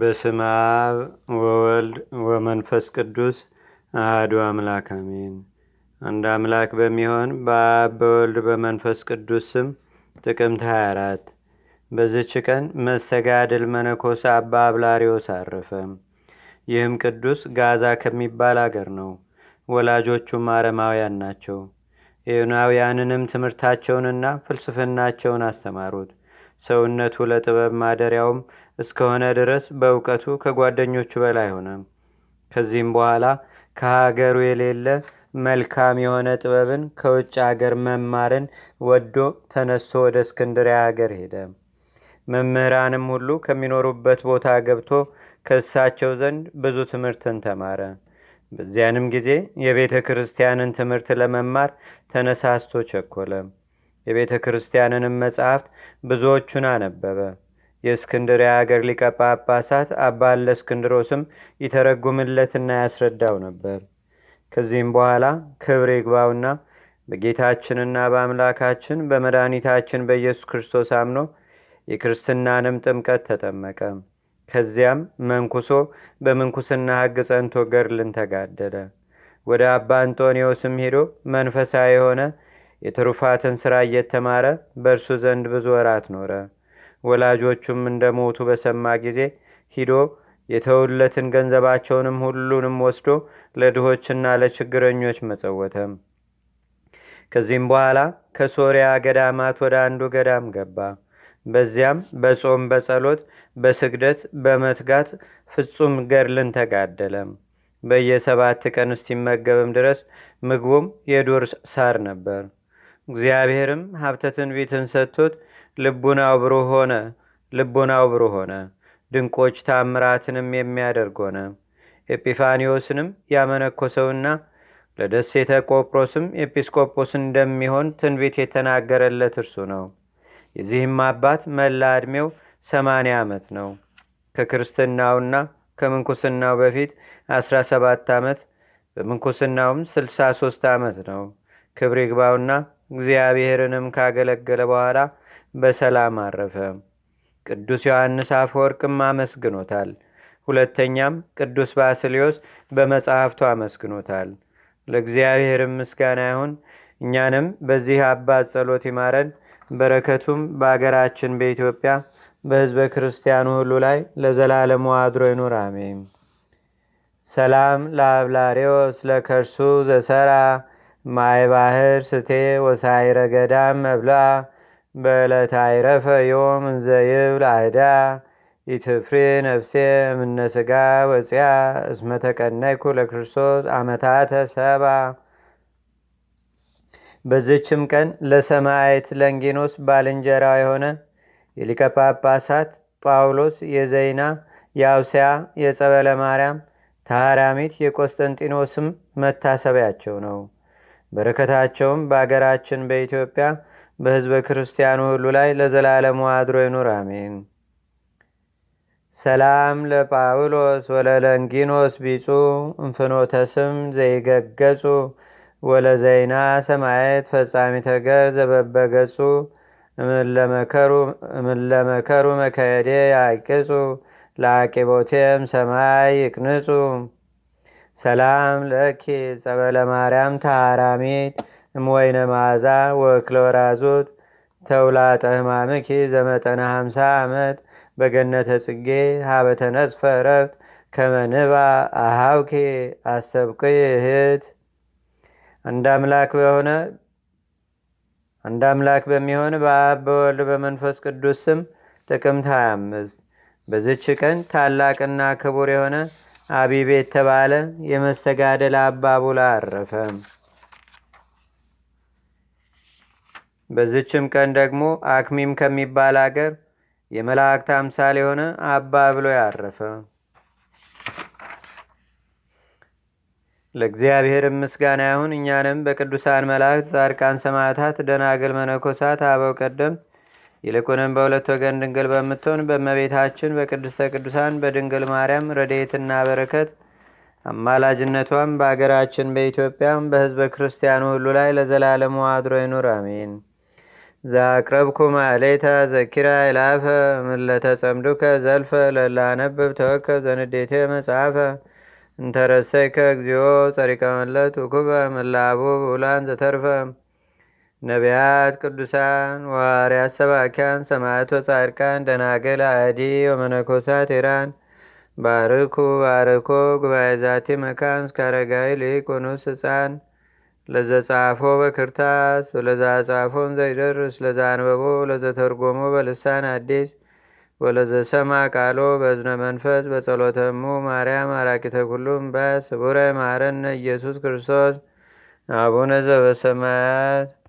በስም አብ ወወልድ ወመንፈስ ቅዱስ አህዱ አምላክ አሜን። አንድ አምላክ በሚሆን በአብ በወልድ በመንፈስ ቅዱስ ስም ጥቅምት 24 በዝች ቀን መስተጋድል መነኮስ አባ አብላሪዎስ አረፈ። ይህም ቅዱስ ጋዛ ከሚባል አገር ነው። ወላጆቹም አረማውያን ናቸው። ኤዮናውያንንም ትምህርታቸውንና ፍልስፍናቸውን አስተማሩት። ሰውነቱ ለጥበብ ማደሪያውም እስከሆነ ድረስ በእውቀቱ ከጓደኞቹ በላይ ሆነ። ከዚህም በኋላ ከሀገሩ የሌለ መልካም የሆነ ጥበብን ከውጭ አገር መማርን ወዶ ተነስቶ ወደ እስክንድሪያ ሀገር ሄደ። መምህራንም ሁሉ ከሚኖሩበት ቦታ ገብቶ ከእሳቸው ዘንድ ብዙ ትምህርትን ተማረ። በዚያንም ጊዜ የቤተ ክርስቲያንን ትምህርት ለመማር ተነሳስቶ ቸኮለ። የቤተ ክርስቲያንንም መጽሐፍት ብዙዎቹን አነበበ። የእስክንድርያ አገር ሊቀ ጳጳሳት ለእስክንድሮስም ይተረጉምለትና ያስረዳው ነበር። ከዚህም በኋላ ክብር ይግባውና በጌታችንና በአምላካችን በመድኃኒታችን በኢየሱስ ክርስቶስ አምኖ የክርስትናንም ጥምቀት ተጠመቀ። ከዚያም መንኩሶ በምንኩስና ህግ ጸንቶ ገርልን ተጋደለ። ወደ አባ አንጦኒዎስም ሄዶ መንፈሳዊ የሆነ የትሩፋትን ሥራ እየተማረ በእርሱ ዘንድ ብዙ ወራት ኖረ። ወላጆቹም እንደ ሞቱ በሰማ ጊዜ ሂዶ የተውለትን ገንዘባቸውንም ሁሉንም ወስዶ ለድሆችና ለችግረኞች መጸወተም። ከዚህም በኋላ ከሶሪያ ገዳማት ወደ አንዱ ገዳም ገባ። በዚያም በጾም በጸሎት በስግደት በመትጋት ፍጹም ገድልን ተጋደለም። በየሰባት ቀን እስኪመገብም ድረስ ምግቡም የዱር ሳር ነበር። እግዚአብሔርም ሀብተ ትንቢትን ሰጥቶት ልቡናው ብሩህ ሆነ ልቡናው ብሩህ ሆነ ድንቆች ታምራትንም የሚያደርግ ሆነ ኤጲፋኒዎስንም ያመነኮሰውና ለደሴተ ቆጵሮስም ኤጲስቆጶስ እንደሚሆን ትንቢት የተናገረለት እርሱ ነው የዚህም አባት መላ ዕድሜው ሰማንያ ዓመት ነው ከክርስትናውና ከምንኩስናው በፊት 17 ዓመት በምንኩስናውም 63 ዓመት ነው ክብር እግዚአብሔርንም ካገለገለ በኋላ በሰላም አረፈ። ቅዱስ ዮሐንስ አፈወርቅም አመስግኖታል። ሁለተኛም ቅዱስ ባስሌዎስ በመጽሐፍቱ አመስግኖታል። ለእግዚአብሔርም ምስጋና ይሁን። እኛንም በዚህ አባት ጸሎት ይማረን። በረከቱም በአገራችን በኢትዮጵያ በህዝበ ክርስቲያኑ ሁሉ ላይ ለዘላለሙ አድሮ ይኑር፣ አሜም ሰላም ለአብላሬዎስ ለከርሱ ዘሰራ ማይ ባህር ስቴ ወሳይረ ገዳም መብላ በዕለተ አይረፈ ዮም እንዘይብል አዳ ኢትፍሪ ነፍሴ ምነስጋ ወፅያ እስመ ለክርስቶስ አመታተ ሰባ በዝችም ቀን ለሰማይት ለንጊኖስ ባልንጀራ የሆነ የሊቀ ጳጳሳት ጳውሎስ የዘይና የአውስያ የጸበለ ማርያም ታራሚት የቆስጠንጢኖስም መታሰቢያቸው ነው። በረከታቸውም በአገራችን በኢትዮጵያ በህዝበ ክርስቲያኑ ሁሉ ላይ ለዘላለሙ አድሮ ይኑር፣ አሜን። ሰላም ለጳውሎስ ወለለንጊኖስ ቢጹ እንፍኖተ ስም ዘይገገጹ ወለዘይና ሰማየት ፈጻሚ ተገር ዘበበገጹ እምለመከሩ መከየዴ ያቅጹ ለአቂቦቴም ሰማይ ይቅንጹ ሰላም ለኪ ጸበለ ማርያም ታራሚት እምወይነ ማዛ ወክለ ወራዙት ተውላጠ ህማምኪ ዘመጠነ ሃምሳ ዓመት በገነተ ጽጌ ሀበተ ነጽፈ ከመንባ አሃውኪ አሰብቂ እህት አንድ አምላክ በሚሆን በአብ በወልድ በመንፈስ ቅዱስ ስም ጥቅምት 25 በዝች ቀን ታላቅና ክቡር የሆነ አቢብ የተባለ የመስተጋደል አባ ቡላ አረፈ። በዝችም ቀን ደግሞ አክሚም ከሚባል አገር የመላእክት አምሳል የሆነ አባ ብሎ ያረፈ። ለእግዚአብሔር ምስጋና ይሁን። እኛንም በቅዱሳን መላእክት፣ ጻድቃን፣ ሰማዕታት፣ ደናግል፣ መነኮሳት፣ አበው ቀደም ይልቁንም በሁለት ወገን ድንግል በምትሆን በመቤታችን በቅድስተ ቅዱሳን በድንግል ማርያም ረዴትና በረከት አማላጅነቷም በአገራችን በኢትዮጵያም በህዝበ ክርስቲያኑ ሁሉ ላይ ለዘላለሙ አድሮ ይኑር፣ አሜን። ዛቅረብኩ ማሌታ ዘኪራ ይላፈ ምለተጸምዱከ ዘልፈ ለላነብብ ተወከብ ዘንዴቴ መጽሐፈ እንተረሰይከ እግዚኦ ጸሪቀመለት ኩበ ምላቡ ብውላን ዘተርፈም ነቢያት፣ ቅዱሳን፣ ዋርያት፣ ሰባኪያን፣ ሰማዕቶ፣ ጻድቃን፣ ደናገል፣ አዲ ወመነኮሳት ቴራን ባርኩ ባርኮ ጉባኤ ዛቲ መካን እስከ ልቅ ህፃን ለዘጻፎ በክርታስ ወለዛ ጻፎን ዘይደርስ ለዛ አንበቦ ለዘተርጎሞ በልሳን አዲስ ወለዘሰማ ቃሎ በዝነ መንፈስ በጸሎተሙ ማርያም አራቂተ ኩሉም በስቡረ ማረነ ኢየሱስ ክርስቶስ አቡነ ዘበሰማያት